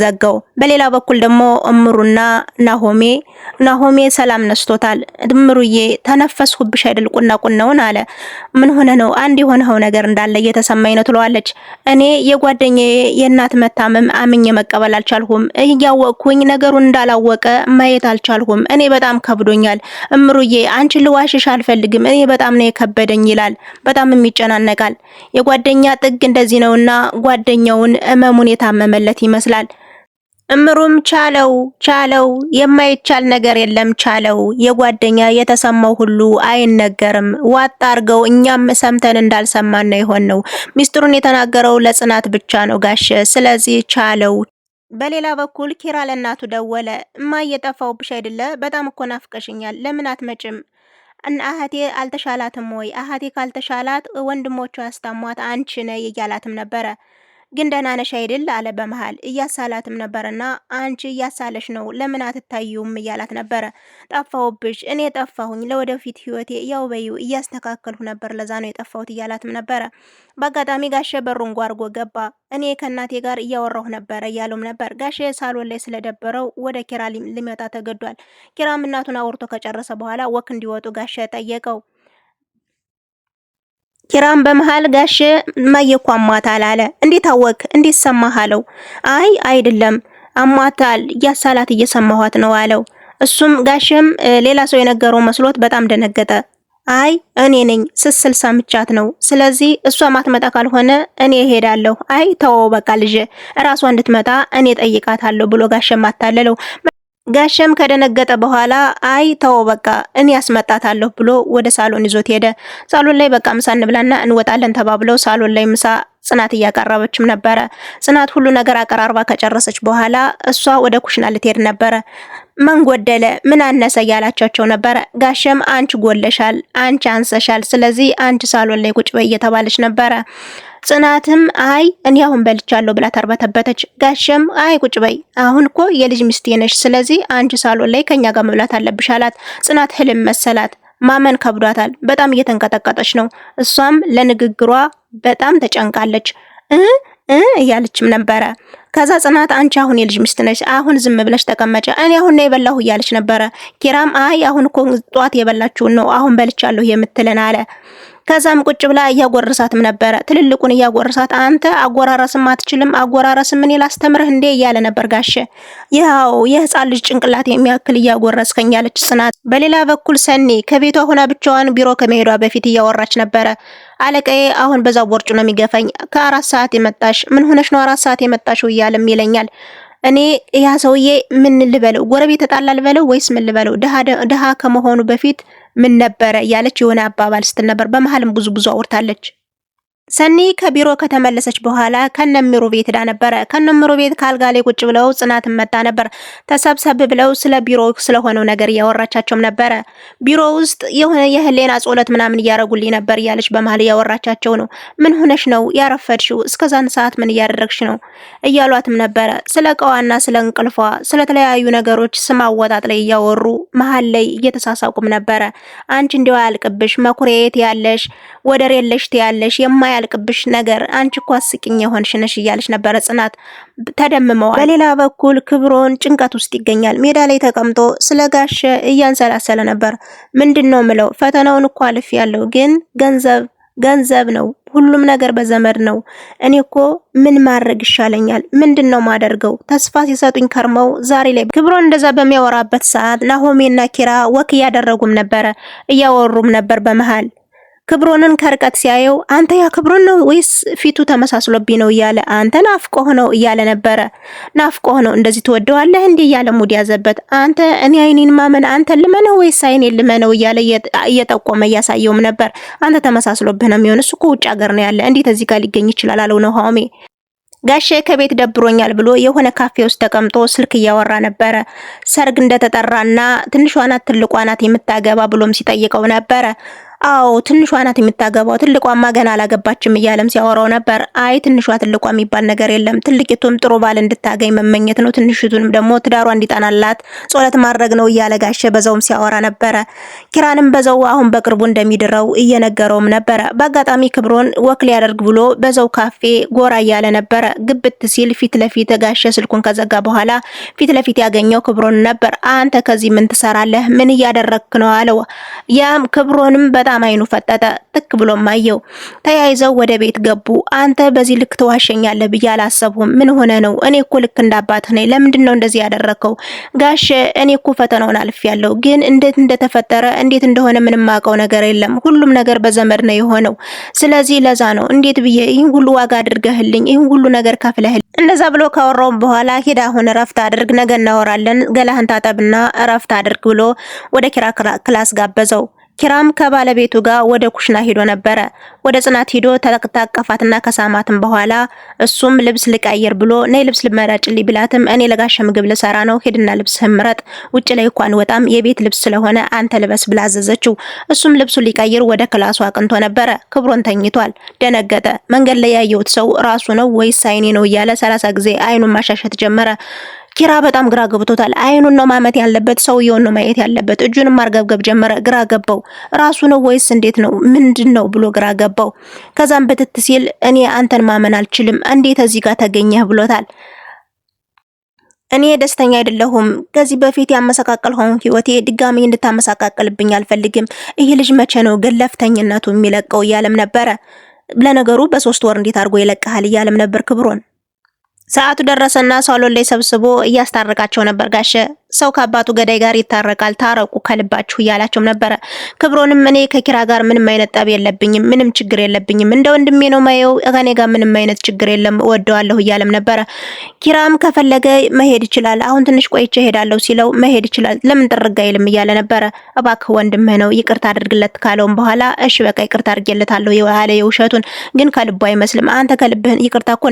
ዘጋው። በሌላ በኩል ደግሞ እምሩና ናሆሜ ናሆሜ ሰላም ነስቶታል። እምሩዬ ተነፈስሁብሽ አይደል ቁና ቁናውን አለ። ምን ሆነ ነው አንድ የሆነው ነገር እንዳለ እየተሰማኝ ነው ትለዋለች። እኔ የጓደኛዬ የእናት መታመም አምኜ መቀበል አልቻልሁም። እያወቅኩኝ ነገሩን እንዳላወቀ ማየት አልቻልሁም። እኔ በጣም ከብዶኛል እምሩዬ፣ አንቺ ልዋሽሽ አልፈልግም። እኔ በጣም ነው የከበደኝ ይላል። በጣም የሚጨናነቃል። የጓደኛ ጥግ እንደዚህ ነውና ጓደኛውን እመሙን የታመመለት ይመስላል። እምሩም ቻለው ቻለው፣ የማይቻል ነገር የለም ቻለው። የጓደኛ የተሰማው ሁሉ አይነገርም። ዋጣ አርገው እኛም ሰምተን እንዳልሰማን ነው የሆን ነው። ሚስጥሩን የተናገረው ለጽናት ብቻ ነው ጋሽ። ስለዚህ ቻለው። በሌላ በኩል ኪራ ለእናቱ ደወለ። እማ ብሽ አይደለ? በጣም እኮ ናፍቀሽኛል። ለምን አትመጭም? እና አህቴ አልተሻላትም ወይ? አህቴ ካልተሻላት ወንድሞቹ ያስታሟት አንቺ ነይ እያላትም ነበረ። ግን ደህና ነሽ አይደል አለ በመሃል እያሳላትም ነበርና አንቺ እያሳለሽ ነው ለምን አትታዩም እያላት ነበረ ጠፋሁብሽ እኔ ጠፋሁኝ ለወደፊት ህይወቴ ያው በዩ እያስተካከልሁ ነበር ለዛ ነው የጠፋሁት እያላትም ነበረ በአጋጣሚ ጋሸ በሩን ጓርጎ ገባ እኔ ከእናቴ ጋር እያወራሁ ነበረ እያሉም ነበር ጋሼ ሳሎን ላይ ስለደበረው ወደ ኪራ ሊመጣ ተገዷል ኪራም እናቱን አውርቶ ከጨረሰ በኋላ ወክ እንዲወጡ ጋሸ ጠየቀው ኪራም በመሃል ጋሼ እማዬ እኮ አሟታል አለ። እንዴት አወክ? እንዴት ሰማህ አለው። አይ አይደለም አሟታል እያሳላት እየሰማኋት ነው አለው። እሱም ጋሼም ሌላ ሰው የነገረው መስሎት በጣም ደነገጠ። አይ እኔ ነኝ ስስል ሰምቻት ነው። ስለዚህ እሷ ማትመጣ ካልሆነ እኔ እሄዳለሁ። አይ ተወው በቃ ልጄ እራሷ እንድትመጣ እኔ ጠይቃታለሁ ብሎ ጋሼም አታለለው። ጋሸም ከደነገጠ በኋላ አይ ተው በቃ እኔ ያስመጣታለሁ ብሎ ወደ ሳሎን ይዞት ሄደ። ሳሎን ላይ በቃ ምሳ እንብላና እንወጣለን ተባብለው ሳሎን ላይ ምሳ ጽናት እያቀረበችም ነበረ። ጽናት ሁሉ ነገር አቀራርባ ከጨረሰች በኋላ እሷ ወደ ኩሽና ልትሄድ ነበረ። ምን ጎደለ፣ ምን አነሰ እያላቻቸው ነበረ። ጋሸም አንቺ ጎለሻል፣ አንቺ አንሰሻል፣ ስለዚህ አንቺ ሳሎን ላይ ቁጭ በይ እየተባለች ነበረ። ጽናትም አይ እኔ አሁን በልቻለሁ ብላ ተርበተበተች። ጋሸም አይ ቁጭ በይ፣ አሁን እኮ የልጅ ሚስቴ ነሽ፣ ስለዚህ አንቺ ሳሎን ላይ ከኛ ጋር መብላት አለብሽ አላት። ጽናት ህልም መሰላት፣ ማመን ከብዷታል። በጣም እየተንቀጠቀጠች ነው። እሷም ለንግግሯ በጣም ተጨንቃለች እ እ እያለችም ነበረ። ከዛ ጽናት አንቺ አሁን የልጅ ሚስት ነች፣ አሁን ዝም ብለሽ ተቀመጨ፣ እኔ አሁን ነው የበላሁ እያለች ነበረ። ኪራም አይ አሁን እኮ ጧት የበላችሁን ነው አሁን በልቻለሁ የምትለን አለ። ከዛም ቁጭ ብላ እያጎረሳትም ነበረ። ትልልቁን እያጎረሳት አንተ አጎራረስም አትችልም፣ አጎራረስ እኔ ላስተምርህ እንዴ እያለ ነበር ጋሼ። ይኸው የህፃን ልጅ ጭንቅላት የሚያክል እያጎረስከኝ ያለች ጽናት። በሌላ በኩል ሰኒ ከቤቷ ሆና ብቻዋን ቢሮ ከመሄዷ በፊት እያወራች ነበረ። አለቃዬ አሁን በዛ ቦርጭ ነው የሚገፋኝ። ከአራት ሰዓት የመጣሽ ምን ሆነሽ ነው አራት ሰዓት የመጣሽው እያለም ይለኛል። እኔ ያ ሰውዬ ምን ልበለው፣ ጎረቤት ተጣላ ልበለው ወይስ ምን ልበለው? ድሃ ከመሆኑ በፊት ምን ነበረ ያለች የሆነ አባባል ስትል ነበር። በመሀልም ብዙ ብዙ አውርታለች። ሰኒ ከቢሮ ከተመለሰች በኋላ ከነምሩ ቤት ዳ ነበረ። ከነምሩ ቤት ካልጋ ላይ ቁጭ ብለው ጽናት መጣ ነበር። ተሰብሰብ ብለው ስለ ቢሮ ስለሆነው ነገር እያወራቻቸውም ነበረ። ቢሮ ውስጥ የሆነ የህሌና ጾለት ምናምን እያረጉልኝ ነበር እያለች በመሀል እያወራቻቸው ነው። ምን ሆነሽ ነው ያረፈድሽው? እስከዛን ሰዓት ምን እያደረግሽ ነው? እያሏትም ነበረ። ስለ እቃዋና ስለ እንቅልፏ፣ ስለተለያዩ ነገሮች ስም አወጣጥ ላይ እያወሩ መሀል ላይ እየተሳሳቁም ነበረ። አንቺ እንዲያው አያልቅብሽ፣ መኩሬት ያለሽ፣ ወደር የለሽ ትያለሽ የማ ያልቅብሽ ነገር አንቺ እኮ አስቂኝ የሆንሽ ነሽ እያለች ነበረ ጽናት። ተደምመዋል። በሌላ በኩል ክብሮን ጭንቀት ውስጥ ይገኛል። ሜዳ ላይ ተቀምጦ ስለ ጋሸ እያንሰላሰለ ነበር። ምንድን ነው ምለው ፈተናውን እኮ አልፍ ያለው ግን ገንዘብ ገንዘብ ነው። ሁሉም ነገር በዘመድ ነው። እኔ እኮ ምን ማድረግ ይሻለኛል? ምንድን ነው ማደርገው? ተስፋ ሲሰጡኝ ከርመው ዛሬ ላይ ክብሮን እንደዛ በሚያወራበት ሰዓት ናሆሜና ኪራ ወክ እያደረጉም ነበረ፣ እያወሩም ነበር በመሃል ክብሮንን ከርቀት ሲያየው አንተ ያ ክብሮን ነው ወይስ ፊቱ ተመሳስሎብኝ ነው እያለ አንተ ናፍቆህ ነው እያለ ነበረ። ናፍቆህ ነው እንደዚህ ትወደዋለህ እንዲህ እያለ ሙድ ያዘበት። አንተ እኔ አይኔን ማመን አንተ ልመነው ወይስ አይኔን ልመነው እያለ እየጠቆመ እያሳየውም ነበር። አንተ ተመሳስሎብህ ነው የሚሆን እሱ እኮ ውጭ ሀገር ነው ያለ እንዴት እዚህ ጋር ሊገኝ ይችላል አለው ነው ሀሜ ጋሼ ከቤት ደብሮኛል ብሎ የሆነ ካፌ ውስጥ ተቀምጦ ስልክ እያወራ ነበረ። ሰርግ እንደተጠራና ትንሿ ናት ትልቋ ናት የምታገባ ብሎም ሲጠይቀው ነበረ። አዎ ትንሿ ናት የምታገባው፣ ትልቋማ ገና አላገባችም እያለም ሲያወራው ነበር። አይ ትንሿ ትልቋ የሚባል ነገር የለም፣ ትልቂቱም ጥሩ ባል እንድታገኝ መመኘት ነው፣ ትንሽቱንም ደግሞ ትዳሯ እንዲጠናላት ጸሎት ማድረግ ነው እያለ ጋሸ በዛውም ሲያወራ ነበረ። ኪራንም በዛው አሁን በቅርቡ እንደሚድረው እየነገረውም ነበረ። በአጋጣሚ ክብሮን ወክ ሊያደርግ ብሎ በዛው ካፌ ጎራ እያለ ነበረ። ግብት ሲል ፊት ለፊት ስልኩን ከዘጋ በኋላ ፊት ለፊት ያገኘው ክብሮን ነበር። አንተ ከዚህ ምን ትሰራለህ? ምን እያደረግክ ነው? አለው ያም ክብሮንም በጣም በጣም አይኑ ፈጠጠ። ትክ ብሎም አየው። ተያይዘው ወደ ቤት ገቡ። አንተ በዚህ ልክ ትዋሸኛለህ ብዬ አላሰብሁም። ምን ሆነ ነው? እኔ እኮ ልክ እንዳባትህ ነኝ። ለምንድን ነው እንደዚህ ያደረከው? ጋሽ እኔ እኮ ፈተናውን አልፌያለሁ፣ ግን እንዴት እንደተፈጠረ እንዴት እንደሆነ ምንም አውቀው ነገር የለም። ሁሉም ነገር በዘመድ ነው የሆነው። ስለዚህ ለዛ ነው እንዴት ብዬ ይህን ሁሉ ዋጋ አድርገህልኝ ይህን ሁሉ ነገር ከፍለህልኝ እንደዛ ብሎ ካወራውም በኋላ ሄዳ አሁን እረፍት አድርግ፣ ነገ እናወራለን፣ ገላህን ታጠብና እረፍት አድርግ ብሎ ወደ ኪራ ክላስ ጋበዘው። ኪራም ከባለቤቱ ጋር ወደ ኩሽና ሄዶ ነበረ። ወደ ጽናት ሄዶ ተታቀፋትና ከሳማትም በኋላ እሱም ልብስ ልቀይር ብሎ ነይ ልብስ ልመረጭልኝ ብላትም እኔ ለጋሸ ምግብ ልሰራ ነው፣ ሄድና ልብስ ምረጥ፣ ውጭ ላይ እንኳን ወጣም የቤት ልብስ ስለሆነ አንተ ልበስ ብላ አዘዘችው። እሱም ልብሱ ሊቀይር ወደ ክላሱ አቅንቶ ነበረ። ክብሮን ተኝቷል። ደነገጠ። መንገድ ላይ ያየሁት ሰው ራሱ ነው ወይስ አይኔ ነው እያለ ሰላሳ ጊዜ አይኑን ማሻሸት ጀመረ። ኪራ በጣም ግራ ገብቶታል። አይኑን ነው ማመት ያለበት፣ ሰውየውን ነው ማየት ያለበት። እጁንም ማርገብገብ ጀመረ። ግራ ገባው። ራሱ ነው ወይስ እንዴት ነው ምንድን ነው ብሎ ግራ ገባው። ከዛም ብትት ሲል እኔ አንተን ማመን አልችልም፣ እንዴት እዚህ ጋር ተገኘህ ብሎታል። እኔ ደስተኛ አይደለሁም። ከዚህ በፊት ያመሰቃቀልኸውን ህይወቴ ድጋሚ እንድታመሰቃቀልብኝ አልፈልግም። ይህ ልጅ መቼ ነው ገለፍተኝነቱ የሚለቀው እያለም ነበረ። ለነገሩ በሶስት ወር እንዴት አድርጎ ይለቀሃል እያለም ነበር ክብሮን ሰዓቱ ደረሰና ሳሎን ላይ ሰብስቦ እያስታረቃቸው ነበር ጋሸ ሰው ከአባቱ ገዳይ ጋር ይታረቃል፣ ታረቁ ከልባችሁ እያላቸውም ነበረ። ክብሮንም እኔ ከኪራ ጋር ምንም አይነት ጠብ የለብኝም፣ ምንም ችግር የለብኝም፣ እንደ ወንድሜ ነው ማየው፣ ከኔ ጋር ምንም አይነት ችግር የለም፣ እወደዋለሁ እያለም ነበረ። ኪራም ከፈለገ መሄድ ይችላል፣ አሁን ትንሽ ቆይቼ እሄዳለሁ ሲለው መሄድ ይችላል፣ ለምን ጥርግ አይልም እያለ ነበረ። እባክህ ወንድምህ ነው ይቅርታ አድርግለት ካለውም በኋላ እሺ በቃ ይቅርታ አድርጌለታለሁ ያለ የውሸቱን ግን ከልቡ አይመስልም። አንተ ከልብህ ይቅርታ እኮ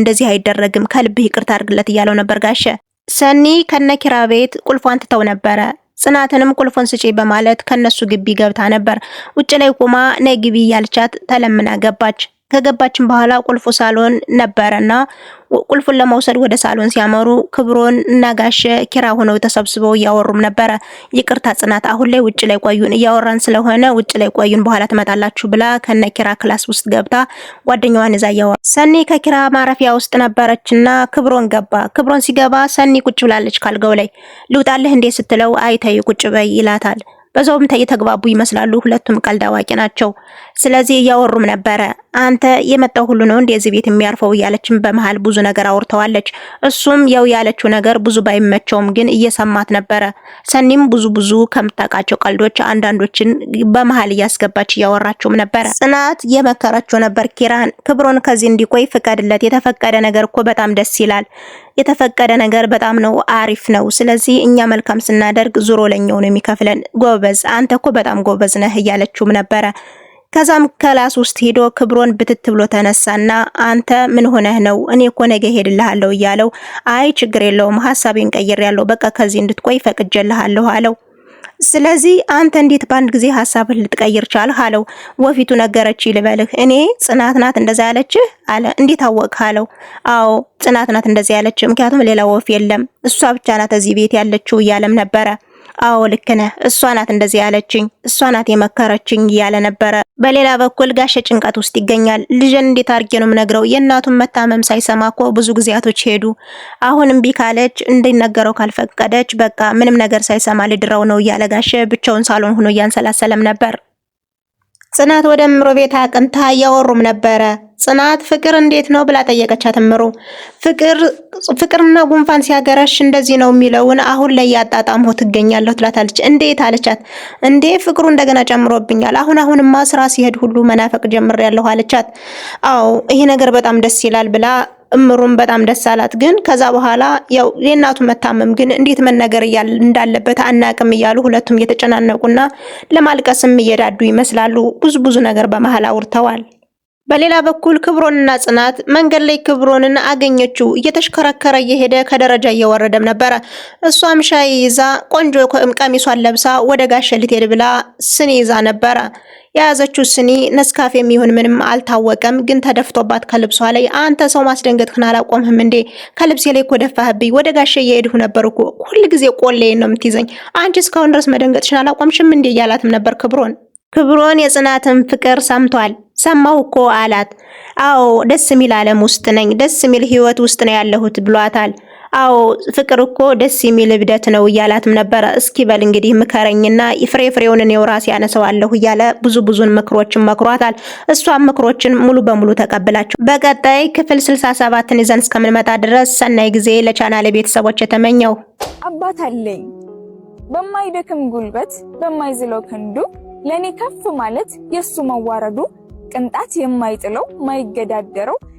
እንደዚህ አይደረግም፣ ከልብህ ይቅርታ አድርግለት እያለው ነበር ጋሸ ሰኒ ከነ ኪራ ቤት ቁልፏን ትተው ነበረ። ጽናትንም ቁልፉን ስጪ በማለት ከነሱ ግቢ ገብታ ነበር። ውጭ ላይ ቆማ ነይ ግቢ እያለቻት ተለምና ገባች። ከገባችን በኋላ ቁልፉ ሳሎን ነበረና ቁልፉን ለመውሰድ ወደ ሳሎን ሲያመሩ ክብሮን እና ጋሼ ኪራ ሆነው ተሰብስበው እያወሩም ነበረ። ይቅርታ ጽናት፣ አሁን ላይ ውጭ ላይ ቆዩን፣ እያወራን ስለሆነ ውጭ ላይ ቆዩን፣ በኋላ ትመጣላችሁ ብላ ከነ ኪራ ክላስ ውስጥ ገብታ ጓደኛዋን እዛ እያወራ ሰኒ ከኪራ ማረፊያ ውስጥ ነበረችና ክብሮን ገባ። ክብሮን ሲገባ ሰኒ ቁጭ ብላለች ካልገው ላይ ልውጣልህ እንዴ ስትለው አይተይ ቁጭ በይ ይላታል። በዛውም የተግባቡ ይመስላሉ። ሁለቱም ቀልድ አዋቂ ናቸው። ስለዚህ እያወሩም ነበረ አንተ የመጣው ሁሉ ነው እንዴ እዚህ ቤት የሚያርፈው እያለችም በመሃል ብዙ ነገር አውርተዋለች። እሱም ያው ያለችው ነገር ብዙ ባይመቸውም ግን እየሰማት ነበረ። ሰኒም ብዙ ብዙ ከምታውቃቸው ቀልዶች አንዳንዶችን በመሃል እያስገባች እያወራችውም ነበረ። ጽናት የመከረችው ነበር ኪራን ክብሮን ከዚህ እንዲቆይ ፍቀድለት። የተፈቀደ ነገር እኮ በጣም ደስ ይላል። የተፈቀደ ነገር በጣም ነው አሪፍ ነው። ስለዚህ እኛ መልካም ስናደርግ ዙሮ ለኛው ነው የሚከፍለን። ጎበዝ፣ አንተ እኮ በጣም ጎበዝ ነህ እያለችውም ነበረ ከዛም ከላስ ውስጥ ሄዶ ክብሮን ብትት ብሎ ተነሳና አንተ ምን ሆነህ ነው? እኔ እኮ ነገ ሄድልሃለሁ እያለው አይ ችግር የለውም ሀሳቤን ያለው በቃ ከዚህ እንድትቆይ ፈቅጀልሃለሁ አለው። ስለዚህ አንተ እንዴት በአንድ ጊዜ ሀሳብህ ልትቀይር ቻልህ? አለው። ወፊቱ ነገረች ልበልህ፣ እኔ ጽናት ናት እንደዛ ያለችህ አለ። እንዴት አወቅህ? አለው። አዎ ጽናት ናት ያለችህ፣ ምክንያቱም ሌላ ወፍ የለም፣ እሷ ብቻ ናት እዚህ ቤት ያለችው እያለም ነበረ አዎ ልክ ነህ፣ እሷ ናት እንደዚህ ያለችኝ፣ እሷ ናት የመከረችኝ እያለ ነበረ። በሌላ በኩል ጋሸ ጭንቀት ውስጥ ይገኛል። ልጅን እንዴት አድርጌ ነው የምነግረው? የእናቱን መታመም ሳይሰማ እኮ ብዙ ጊዜያቶች ሄዱ። አሁን እምቢ ካለች፣ እንዲነገረው ካልፈቀደች፣ በቃ ምንም ነገር ሳይሰማ ልድረው ነው እያለ ጋሸ ብቻውን ሳሎን ሆኖ እያንሰላሰለም ነበር። ጽናት ወደ ምሮ ቤት አቅንታ እያወሩም ነበረ። ጽናት ፍቅር እንዴት ነው ብላ ጠየቀቻት። እምሩ ፍቅርና ጉንፋን ሲያገረሽ እንደዚህ ነው የሚለውን አሁን ላይ ያጣጣምሁ ትገኛለሁ ትላታለች። እንዴት አለቻት። እንዴ ፍቅሩ እንደገና ጨምሮብኛል። አሁን አሁንማ ስራ ሲሄድ ሁሉ መናፈቅ ጀምሬያለሁ አለቻት። አዎ ይሄ ነገር በጣም ደስ ይላል ብላ እምሩም በጣም ደስ አላት። ግን ከዛ በኋላ ያው የእናቱ መታመም ግን እንዴት መነገር እንዳለበት አናቅም እያሉ ሁለቱም እየተጨናነቁና ለማልቀስም እየዳዱ ይመስላሉ። ብዙ ብዙ ነገር በመሀል አውርተዋል። በሌላ በኩል ክብሮንና ጽናት መንገድ ላይ ክብሮንን አገኘችው። እየተሽከረከረ እየሄደ ከደረጃ እየወረደም ነበረ። እሷም ሻይ ይዛ ቆንጆ ቀሚሷን ለብሳ ወደ ጋሸ ልትሄድ ብላ ስኒ ይዛ ነበረ። የያዘችው ስኒ ነስካፍ የሚሆን ምንም አልታወቀም፣ ግን ተደፍቶባት ከልብሷ ላይ አንተ ሰው ማስደንገጥህን አላቆምህም እንዴ? ከልብሴ ላይ እኮ ደፋህብኝ። ወደ ጋሸ እየሄድሁ ነበር እኮ ሁልጊዜ ቆሌ ነው የምትይዘኝ። አንቺ እስካሁን ድረስ መደንገጥሽን አላቆምሽም እንዴ? እያላትም ነበር ክብሮን ክብሮን የጽናትን ፍቅር ሰምቷል። ሰማሁ እኮ አላት። አዎ ደስ የሚል ዓለም ውስጥ ነኝ፣ ደስ የሚል ህይወት ውስጥ ነው ያለሁት ብሏታል። አዎ ፍቅር እኮ ደስ የሚል እብደት ነው እያላትም ነበረ። እስኪ በል እንግዲህ ምከረኝና ፍሬ ፍሬውን እኔው ራሴ ያነሰዋለሁ እያለ ብዙ ብዙን ምክሮችን መክሯታል። እሷም ምክሮችን ሙሉ በሙሉ ተቀብላቸው። በቀጣይ ክፍል ስልሳ ይዘን እስከምንመጣ ድረስ ሰናይ ጊዜ ለቻናል ቤተሰቦች የተመኘው አባት አለኝ በማይደክም ጉልበት በማይዝለው ክንዱ ለእኔ ከፍ ማለት የእሱ መዋረዱ ቅንጣት የማይጥለው ማይገዳደረው